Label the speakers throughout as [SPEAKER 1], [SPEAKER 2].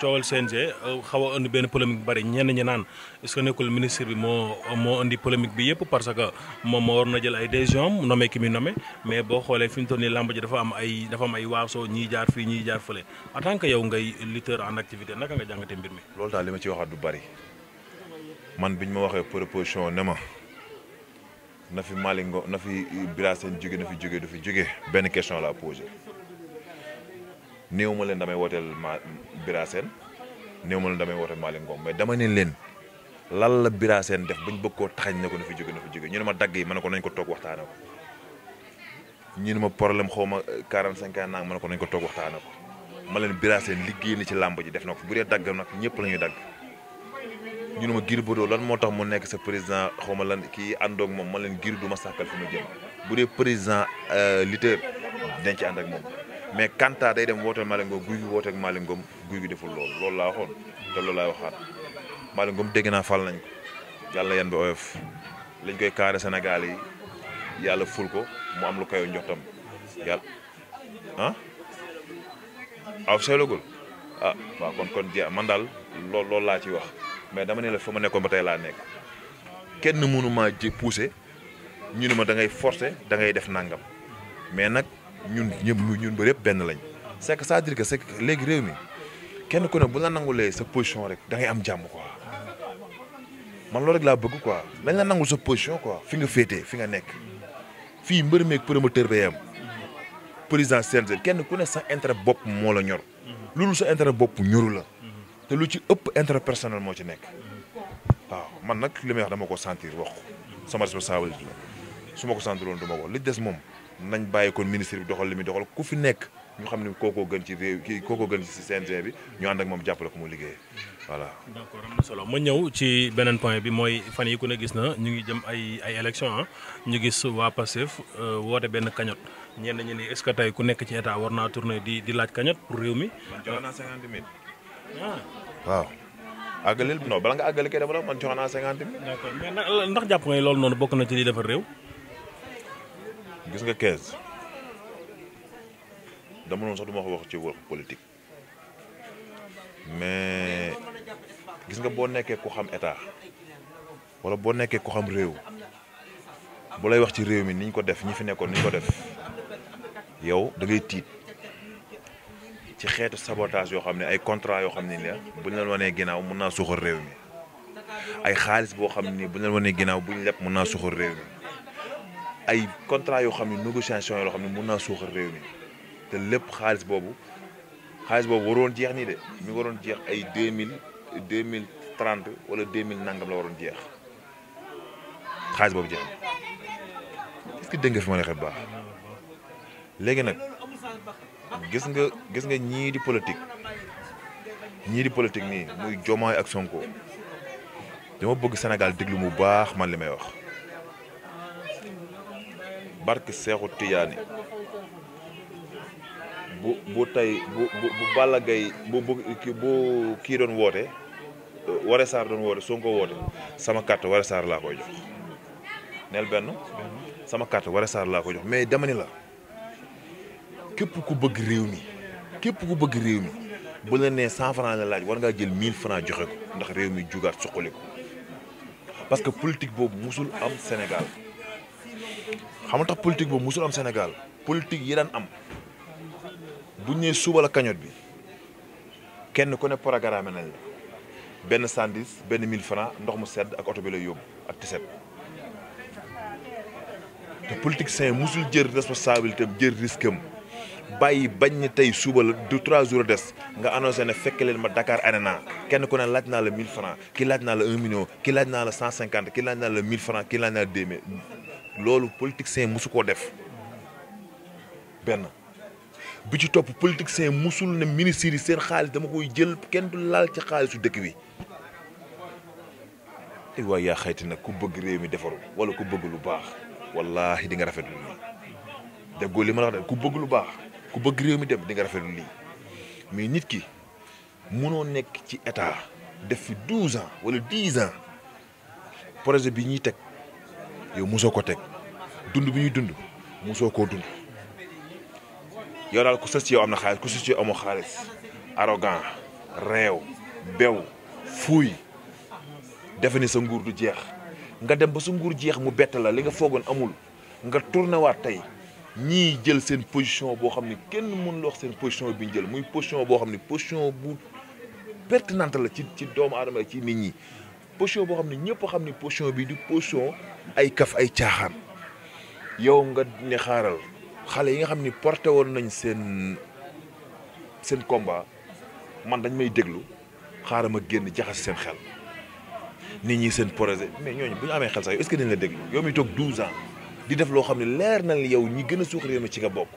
[SPEAKER 1] coowal CNG xaw a indi benn polémique bu bëri ñenn ñi naan est-ce que nekkul ministre bi moo moo indi polémique bi yëpp parce que moom moo war na jël ay décision mu nommé ki muy nommé mais boo xoolee fi ñu nii làmb ji dafa am ay dafa am ay waaso ñii jaar fii ñii jaar fële en tant que yow ngay lutteur en activité naka nga jàngatee mbir mi.
[SPEAKER 2] loolu daal li ma ci waxaat du bëri man biñ ma waxee proposition ne ma na fi Malick Ngom na fi Bira Sène jóge na fi jóge du fi jóge benn question laa posé. néew ma leen damay wooteel ma Bira Sène néew ma leen damay wooteel Malick Ngom mais dama ne leen lan la Bira def bañ bëgg koo taxañ ne ko na fi jóge na fi jóge ñu ne ma dagg yi ma ne ko nañ ko toog waxtaane ko ñu ne ma problème xaw ma 45 ans naang ma ne nañ ko toog waxtaane ko ma leen Bira Sène liggéey na ci làmb ji def na ko bu dee dagg nag ñëpp la ñuy dagg ñu ne ma Gris Bordeaux lan moo tax mu nekk sa président xaw ma lan kii àndoog moom ma leen giir du ma sàkkal fi ma jëm bu dee président euh, lutteur dañ ci ànd ak moom mais Kanta day dem wooteel Malick Ngom guy gi wooteeg Malick Ngom guy gi deful lool loolu laa waxoon te loolu laay waxaat Malick Ngom dégg naa fal nañ ko yàlla yan bi oyof lañ koy carré Sénégal yi yàlla ful ko mu am lu kayo njoxtam yàlla ah aw seelagul a ah, waaw kon kon jeex man daal loolu loolu laa ci wax mais dama ne la fa ma nekkoon ba tey laa nekk kenn mënu maa ji poussé ñu ne ma da ngay forcer da ngay def nangam mais nag ñun ñëpp ñun ba yëpp benn lañ c'est que ça dire que c'est léegi réew mi kenn ku ne bu la nangulee sa position rek dangay am jàmm quoi man loolu rek laa bëgg quoi dañ la nangul sa position quoi fi nga féetee fi nga nekk fii mbër meek meeg promoteur ba yam président CNG kenn ku ne sa intérêt bopp moo la ñor loolu sa intérêt bopp ñoru la te lu ci ëpp intérêt personnel moo ci nekk waaw man nag li may wax dama ko sentir wax sama responsabilité la su ma ko sentir woon li des moom nañ bàyyi kon ministre bi doxal li muy doxal ku fi nekk ñu xam ne koo gën ci réew kii kookoo gën ci CNG ñu ànd ak moom jàppale ko mu liggéey voilà.
[SPEAKER 1] d'accord solo ma ñëw ci beneen point bi mooy fan yi ku ne gis na ñu ngi jëm ay ay élection ah. ñu gis waa Pastef euh, woote benn cagnotte ñenn ñi ni est-ce que tey ku nekk ci état war naa tourner di di laaj cagnotte pour réew mi.
[SPEAKER 2] man joxe naa cinquante ah. waaw. àggaleel non bala nga àggale kay dama doon man joxe naa cinquante
[SPEAKER 1] mille. ndax jàpp nga loolu noonu bokk na ci li defar réew.
[SPEAKER 2] gis nga 15 dama noonu sax du ma wax ci wax politique mais gis nga boo nekkee ku xam état wala boo nekkee ku xam réew bu lay wax ci réew mi ni ñu ko def ñu fi nekkoon ni ñu ko def yow da ngay tiit ci xeetu sabotage yoo xam ne ay contrat yoo xam ne la bu ñu leen wanee ginnaaw mun naa suuxal réew mi ay xaalis boo xam ne bu ñu ma ne ginnaaw bu ñu lepp mun naa suuxal réew mi. ay contrat yoo xam ne négociation yoo xam ne mun naa suuxal réew mi te lépp xaalis boobu xaalis boobu waroon jeex nii de mi waroon jeex ay deux mille deux mille trente wala deux mille nangam la waroon jeex xaalis boobu jeex na est-ce que dégg fi ma neexee baax léegi nag gis nga gis nga ñii di politique ñii di politique nii muy Diomaye ak Sonko dama bëgg Sénégal déglu mu baax man li may wax. barke Seexu Tijaani bu bu tey bu bu Balla Gaye bu bu bu kii doon woote euh, Waré Sarr doon woote Sonko woote sama carte Waré Sarr laa koy jox neel benn sama carte Waré Sarr laa koy jox mais dama la képp ku bëgg réew mi képp ku bëgg réew mi bu la nee cent franc la laaj war ngaa jël mille franc joxe ko ndax réew mi jugaat suqali ko parce que politique boobu musul am Sénégal xam nga tax politique boobu musul am Sénégal politique yi daan am buñ nee suba la cagnotte bi kenn ku ne programme nañ la benn sandis benn 1000 francs ndox mu sedd ak oto bi lay yóbbu ak tiset te politique sain musul jël responsabilité am jël risque am bàyyi bañ ni tey suba la du trois jours des nga annoncé ne fekk leen ma Dakar Arena kenn ku ne laaj naa la 1000 francs ki laaj naa la 1 million ki laaj naa la 150 ki laaj naa la 1000 francs ki laaj naa la 2000 loolu politicien musu koo def benn bi ci topp politicien musul ne ministres yi seen xaalis dama koy jël kenn du laal ci xaalisu dëkk bi ay waay yaa xayti nag ku bëgg réew mi defaru wala ku bëgg lu baax wallaahi di nga rafetlu lii déggoo li ma la de ku bëgg lu baax ku bëgg réew mi dem di nga rafetlu lii mais nit ki mënoo nekk ci état def fi douze ans wala dix ans projet bi ñuy teg yow mosoo ko teg dund bi ñuy dund mosoo koo dund yow daal ku sës am na xaalis ku sës ci amoo xaalis arrogant réew bew fuuy defe ni sa nguur du jeex nga dem ba sa nguur jeex mu bett la li nga foogoon amul nga tourné waat tey ñii jël seen position boo xam ne kenn mënul wax seen position bi jël muy position boo xam ne position bu pertinente la ci ci doomu aadama ci nit ñi potion boo xam ne ñëpp xam ne potion bi du potion ay kaf ay caaxaan yow nga ne xaaral xale yi nga xam ni porté woon nañ seen seen combat man dañ may déglu xaaral ma génn jaxas seen xel nit ñi seen projet mais ñooñu bu ñu amee xel sax yow est-ce que dañ déglu yow mi toog 12 di def loo xam ne leer na yow ñi gën a suux réew mi ci nga bokk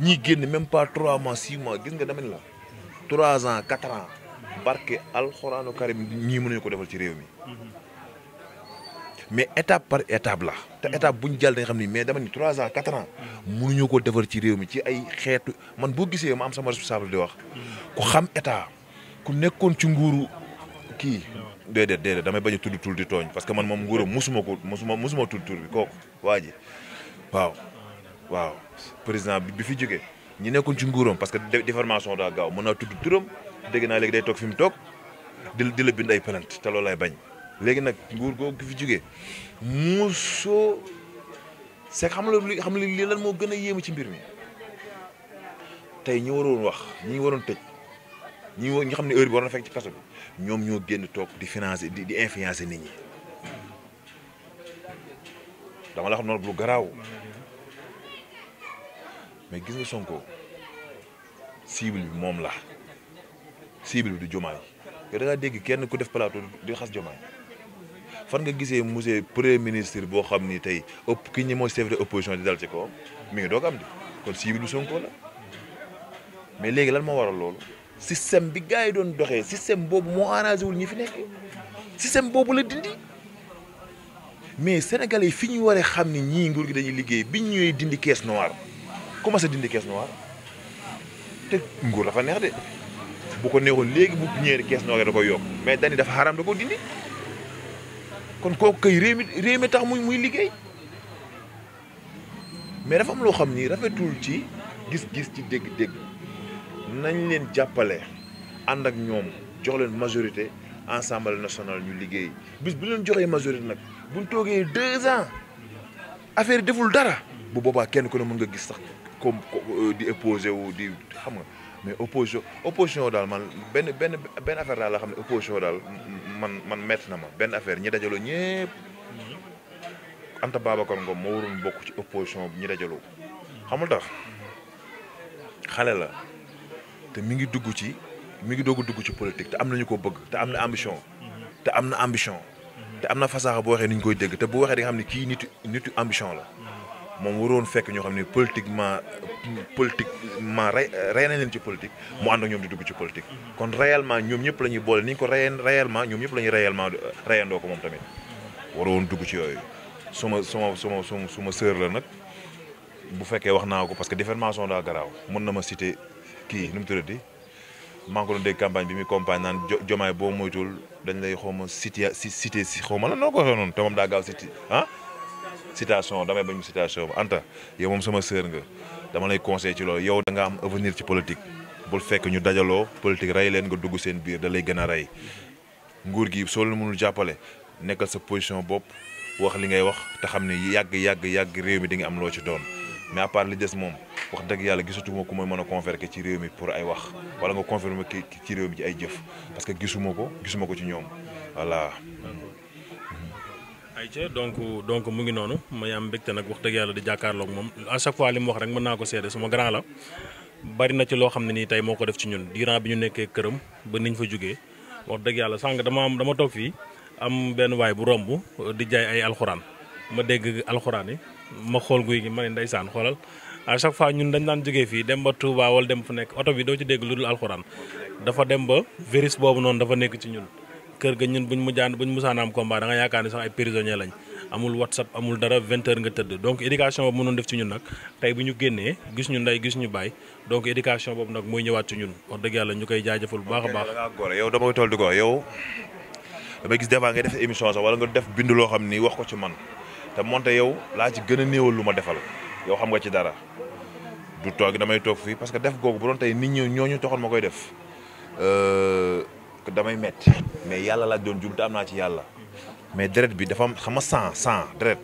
[SPEAKER 2] ñi génn même pas trois mois 6 mois gis nga demen la trois ans 4 ans barke alxuraanu karim ñii mënuñu ko defal ci réew mi. mais étape par étape la. te mhm. étape bu ñu jàll xam ni mais dama ni trois ans quatre ans. mënuñu ko defar ci réew mi ci ay xeetu man boo gisee ma am sama responsable di wax. Mhm. ku xam état ku nekkoon ci nguuru kii. déedéet déedéet damay bañ a tudd tur di tooñ parce que man moom nguuram mosuma ko mosuma mosuma tudd bi kooku waa ji waaw. waaw président bi bi fi jógee ñi nekkoon ci nguuram parce que déformation daa gaaw mën naa tudd turam. dégg naa léegi day toog fi mu toog di di la bind ay plainte te loolu lay bañ léegi nag nguur googu fi jógee muusoo c'est xam la li xam li lii lan moo gën a yéemu ci mbir mi tey ñi waroon wax ñi waroon tëj ñi ñi xam ne heure bi war na fekk ci kaso bi ñoom ñoo génn toog di financer di di nit ñi dama la xam noonu lu garaaw mais gis nga Sonko cible bi moom la cible bi du Diomaye yow da dégg kenn ku def plateau di xas Diomaye fan nga gisee monsieur premier ministre boo xam ni tey ëpp ki ñi moo chef de opposition di dal ci kawam mi ngi doog am di kon cible bu Sonko la mais léegi lan moo waral loolu système bi gars yi doon doxee système boobu moo arrangé wul ñi fi nekk système boobu la dindi mais sénégal yi fi ñu waree xam ni ñii nguur gi dañuy liggéey bi ñuy dindi caisse noire commencé dindi caisse noire te nguur dafa neex de. bu ko neexoon léegi bu ñeeri kees noonu da koy yokk mais dani dafa xaram da ko dindi kon kooku kay réew mi réew mi tax muy muy liggéey mais dafa loo xam nii rafetul ci gis-gis ci dégg-dégg nañ leen jàppale ànd ak ñoom jox leen majorité Assemblée national ñu liggéey bis bu leen joxee majorité nag buñ toogee deux ans affaire deful dara bu boobaa kenn ku ne mën nga gis sax comme euh, di opposé wu di xam nga. mais opposition opposition daal man benn benn benn affaire daal la xam ne opposition daal man man métti na ma benn affaire ñi dajaloo ñëpp Anta Babacar Ngom moo waroon bokk ci opposition bi ñi dajaloo xamul tax xale la te mi ngi dugg ci mu ngi doog a dugg ci politique te am nañu ko bëgg te am na ambition te am na ambition te am na fasaxa bu waxee ni ñu koy dégg te bu waxee di xam ne kii nitu nitu ambition la moom waroon fekk ñoo xam ne politiquement politiquement rey nañ leen ci politique mu ànd ak ñoom di dugg ci politique kon réellement ñoom ñëpp la ñuy boole ni ko rey réellement ñoom ñëpp la ñuy réellement ko moom tamit waroon dugg ci yooyu suma suma suma suma suma sœur la nag bu fekkee wax naa ko parce que diffamation daa garaaw mën na ma citer kii nu mu tuddati maa ngi ko doon dégg campagne bi muy campagne naan jomaay boo moytul dañ lay xaw ma cité cité si xaw ma la noo ko waxee noonu te moom daa gaaw ah citation damay bañ mu citation bu Anta yow moom sama sœur nga dama lay conseil ci loolu yow da nga am avenir ci politique bul fekk ñu dajaloo politique rey leen nga dugg seen biir dalay gën a rey nguur gi soo leen mënul jàppale nekkal sa position bopp wax li ngay wax te xam ne yàgg yàgg yàgg réew mi di nga am loo ci doon mais à part li des moom wax dëgg yàlla gisatuma ku may mën a convaincre ci réew mi pour ay wax wala nga confirmer ci réew mi ci ay jëf parce que gisuma ko gisuma ko ci ñoom
[SPEAKER 1] ayca donc donc mu ngi noonu may am mbégte nag wax dëgg yàlla di jàkkaarloog moom à chaque fois wax rek mën naa ko seede suma grand la bari na ci loo xam ne nii tey moo ko def ci ñun diiran bi ñu nekkee këram ba niñ fa jógee wax dëgg yàlla sànq dama am dama toog fii am benn waay bu romb uh, di jaay ay alxuraan ma dégg alxuraan yi ma xool guy gi ma ne ndeysaan xoolal à chaque fois ñun dañ daan jógee fii dem ba Touba dem fu nekk oto bi doo ci dégg lu dafa dem ba virus boobu noonu dafa nekk ci ñun kër ga ñun buñ mujjaan buñ musaan am combat da nga yaakaar ne sax ay prisonnier lañ amul whatsapp amul dara vingt heures nga tëdd donc éducation boobu mënoon def ci ñun nag tey bu ñu génnee gis ñu ndey gis ñu baay donc éducation boobu nag mooy ñëwaat ci ñun wax dëgg yàlla ñu koy jaajëfal bu baax a baax yow damay
[SPEAKER 2] toll di ko yow damay gis des fois ngay def émission sax wala nga def bind loo xam ni wax ko ci man te moonte yow laa ci gën a néewal lu ma defal yow xam nga ci dara du toog damay toog fii parce que def googu bu doon tey nit ñu ñooñu taxoon ma koy def euh, que damay metti mais yàlla laa doon jum te am naa ci yàlla mais deret bi dafa am xama nga sang sang deret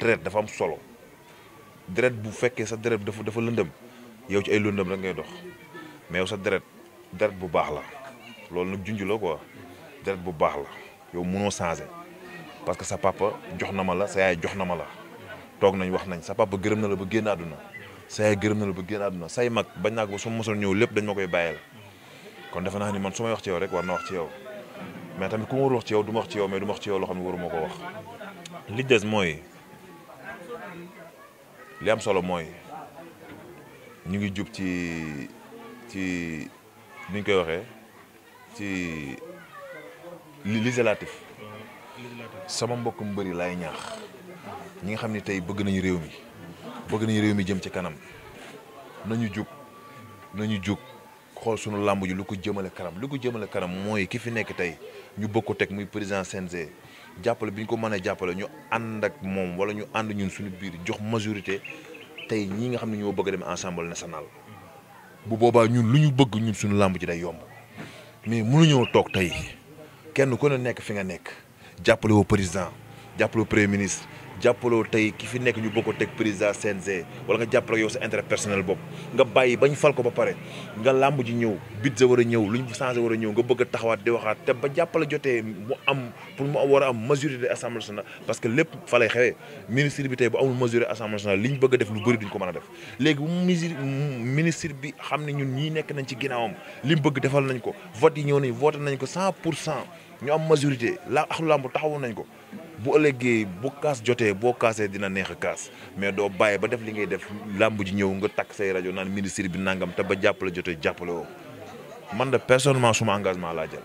[SPEAKER 2] deret dafa am solo deret bu fekkee sa deret dafa dafa lëndëm yow ci ay lëndëm rek ngay dox mais yow sa deret deret bu baax la loolu nag junj la quoi deret bu baax la yow mënoo changé parce que sa papa jox na ma la sa yaay jox na ma la toog nañ wax nañ sa papa gërëm na la ba génn àdduna sa yaay gërëm na la ba génn àdduna say mag bañ naa ko ba su mosoon ñëw lépp dañ koy bàyyeel kon defe naa ni man su may wax ci yow rek war na wax ci yow mais tamit ku ma warul wax ci yow du wax ci yow mais du wax ci yow loo xam ne waruma ko wax li des mooy li am solo mooy ñu ngi jub ci ci ni ñu koy waxee ci législatif sama mbokk mu bëri laay ñaax ñi nga xam ne tey bëgg nañu réew mi bëgg nañu réew mi jëm ci kanam nañu jub nañu jub xool suñu làmb ji lu ko jëmale kanam lu ko jëmale kanam mooy ki fi nekk tey ñu bëgg ko teg muy président CNG jàppale bi ñu ko mën a jàppale ñu ànd ak moom wala ñu ànd ñun suñu biir jox majorité tey ñii nga xam ne ñoo bëgg a dem ensemble national bu boobaa ñun lu ñu bëgg ñun suñu làmb ji day yomb mais mënuñoo toog tey kenn ku ne nekk fi nga nekk jàppale woo président jàppale woo premier ministre jàppaloo tey ki fi nekk ñu bëgg ko teg président CNG wala nga jàppale yow sa intérêt boobu nga bàyyi bañ fal ko ba pare nga làmb ji ñëw budget war a ñëw lu ñu changé war a ñëw nga bëgg a taxawaat di waxaat te ba jàppale jotee mu am pour mu war a am majorité de assemblée nationale parce lépp fa lay ministre bi tey bu amul majorité assemblée nationale li ñu bëgg def lu bëri duñ ko mën a def léegi ministre bi xam ne ñun ñii nekk nañ ci ginnaawam li mu bëgg defal nañ ko vote yi ñëw nañ voté nañ ko cent pour cent ñu am majorité la axlu làmb taxawoon nañ ko bu ëllëgee bu kaas jotee boo kaasee dina neex a kaas mais doo bàyyee ba def li ngay def làmb ji ñëw nga takk say rajo naan ministre bi nangam te ba jàppale jotee jàppale woo man de personnement suma engagement laa jal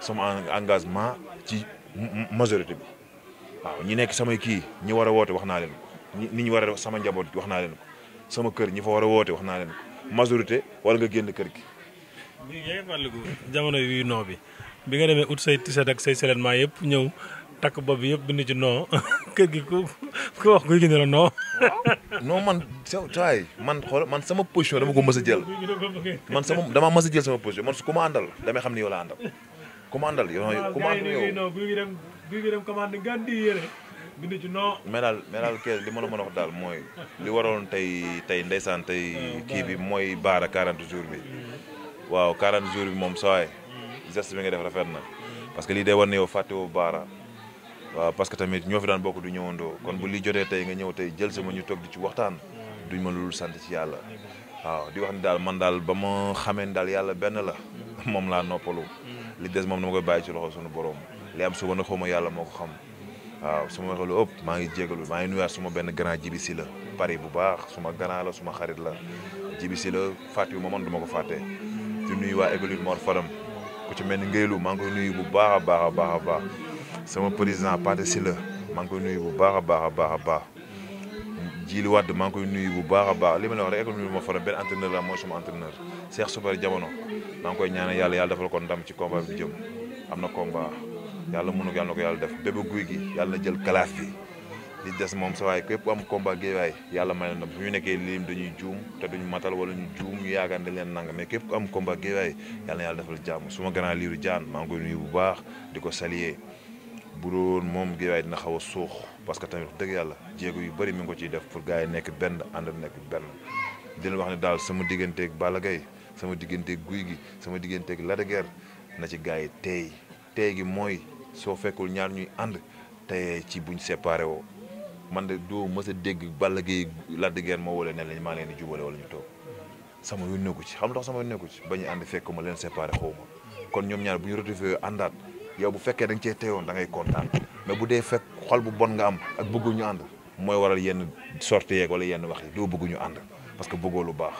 [SPEAKER 2] sama engagement ci majorité bi waaw ñi nekk sama kii ñi war a woote wax naa leen ko ñi ñu war a sama njaboot wax naa leen sama kër ñi fa war a woote wax naa leen ko majorité wala nga génn kër gi.
[SPEAKER 1] jamono yu noo bi bi nga demee ut say tiset ak say seulement yëpp ñëw. takk bopp bi yëpp bind ci non kër gi ku ku wax guy gi ne la non. man se saa man xool man sama position dama ko mës a jël. man
[SPEAKER 2] sama dama mës a jël sama position man su ku damay xam ni yow la àndal. ku ma àndal yow ku ma àndal yow daal kees li ma la mën daal mooy. li waroon tey tey ndeysaan tey kii bi mooy baara 40 jours bi. waaw 40 jours bi moom saa geste nga def rafet na. parce que lii day war ne yow fàttewoo baara. waaw parce que tamit ñoo fi daan bokk du ñëwandoo kon bu li jotee tey nga ñëw tey jël sama ñu toog di ci waxtaan hmm. duñ ma loolu sant ci yàlla waaw di wax ni daal man daal ba ma xamee daal yàlla benn la hmm. moom laa noppalu hmm. li des moom dama koy bàyyi ci loxo suñu borom li am suba nag xaw ma yàlla moo ko xam waaw su ma waxee ëpp maa ngi jégalu maa ngi nuyaat suma benn grand jibi si la Paris bu baax suma grand suma xarit la jibi si la fàtte ma man du ko fàtte di nuyu waa école Mor Fadam ci mel ni Ngéylu maa ngi koy bu baax a baax baax a baax sama président Pathé Sylla maa ngi koy nuyu bu baax a baax a baax a baax Djili Wade maa ngi koy nuyu bu baax a baax li ma ne wax rek école bi ma faral benn entraîneur mooy sama entraîneur Cheikh Super Jamono maa ngi koy yàlla yàlla defal ko ndam ci combat bi am na combat yàlla mënu ko yàlla ko yàlla def bébé guy gi yàlla jël kalaaf bi li des moom sa waay képp am combat géewaay yàlla may na ndam bu ñu nekkee lim dañuy juum te duñu matal wala ñu juum ñu yaakaar leen nang mais képp ku am combat géewaay yàlla na yàlla defal jàmm su ma liiru jaan maa ngi koy nuyu bu baax di ko saluer bu doon moom Guédiawaye dina xaw a suux parce que tamit dëgg yàlla jéego yu bari mi ngi ko ciy def pour gars yi nekk benn ànd nekk benn di leen wax ne daal sama digganteeg Balla Gaye sama digganteeg Guy gi sama digganteeg Lac de Guiers na ci gars yi teey teey gi mooy soo fekkul ñaar ñuy ànd teyee ci buñ séparé woo man de doo mës a dégg Balla gi Lac de Guiers moo wala ne lañ maa leen di jubale wala ñu toog sama yónneeku ci xam ndax sama nekku ci ba ñu ànd fekk ma leen séparé xaw ma yow bu fekkee da nga cee teyoon da ngay kontaan mais bu dee fekk xol bu bon nga am ak bëggu ñu ànd mooy waral yenn sorties yeeg wala yenn wax yi doo bëgguñu ànd parce que bëggoo lu baax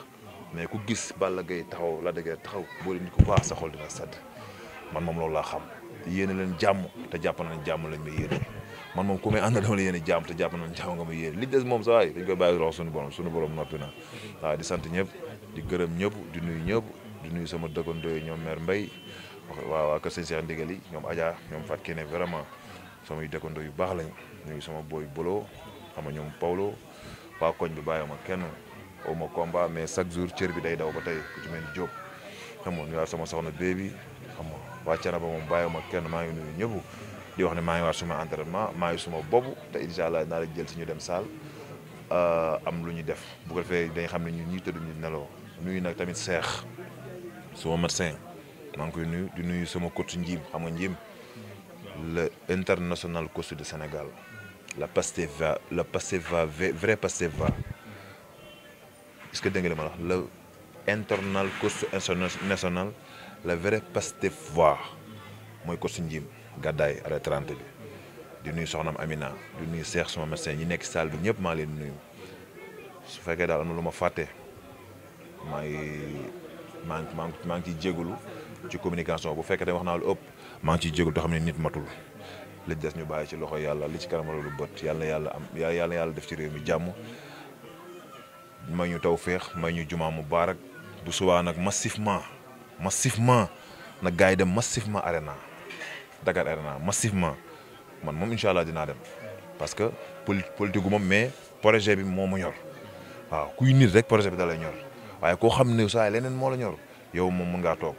[SPEAKER 2] mais ku gis la Gaye taxaw la dëgg taxaw boo nit ko baax sa xol dina sedd man moom loolu laa xam yéene leen jàmm te jàpp nañ jàmm lañ may yéene man moom ku may ànd dama la yéene jàmm te jàpp nañ jàmm nga ma yéene li des moom sa waay dañ koy bàyyi rox suñu borom suñu borom noppi na waaw di sant ñëpp di gërëm ñëpp di nuyu ñëpp di nuyu sama dëkkandoo ñoom mère Mbaye waaw waaw kër sëñ Cheikh Ndigal yi ñoom Adja ñoom Fatou Kene vraiment samay dëkkandoo yu baax lañ ñu sama booy Bolo xam nga ñoom Paulo waa koñ bi bàyyi ma kenn aw ma combat mais chaque jour cër bi day daw ba tey ku ci mel ni Diop xam nga sama soxna bébi xam nga waa Canaba moom bàyyi ma kenn maa ngi nuyu ñëpp di wax ne maa ngi waat suma entraînement maa ngi suma bopp te incha allah naa la jël si ñu dem saal euh, am lu ñu def bu ko dañ xam ne ñun ñii tëdd ñu neloo nuyu nag tamit seex suma médecin maa ngi koy nuyu di nuyu sama coach njiim xam nga njiim le international coach de Sénégal la Pastef va la Pastef va vrai Pastef va est-ce que dégg nga li ma wax le internal coach national le vrai Pastef va mooy coach njiim gàddaay arrêt 30 bi di nuyu soxnaam Amina di nuyu seex sama médecin ñi nekk salle bi ñëpp maa leen nuyu su fekkee daal am na lu ma fàtte maa ngi maa ngi maa ngi ci communication bu fekkee wax naa lu ëpp maa ngi ciy jégalu te xam ne nit matul li des ñu bàyyi ci loxo yàlla li ci kanam loolu bët yàlla yàlla am yàlla na yàlla def ci réew mi jàmm may ñu taw féex may ñu jumaa mubaarak bu subaa nag massivement massivement nag gars yi dem massivement arena Dakar arena massivement man moom incha allah dinaa dem parce que politique gu moom mais projet bi moo mu ñor waaw kuy nit rek projet bi da lay ñor waaye koo xam ne saa leen moo la ñor yow moom mën ngaa toog.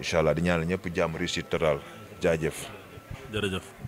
[SPEAKER 2] incha allah di ñaanal ñëpp jàmm réussite totale jaajëf. jërëjëf.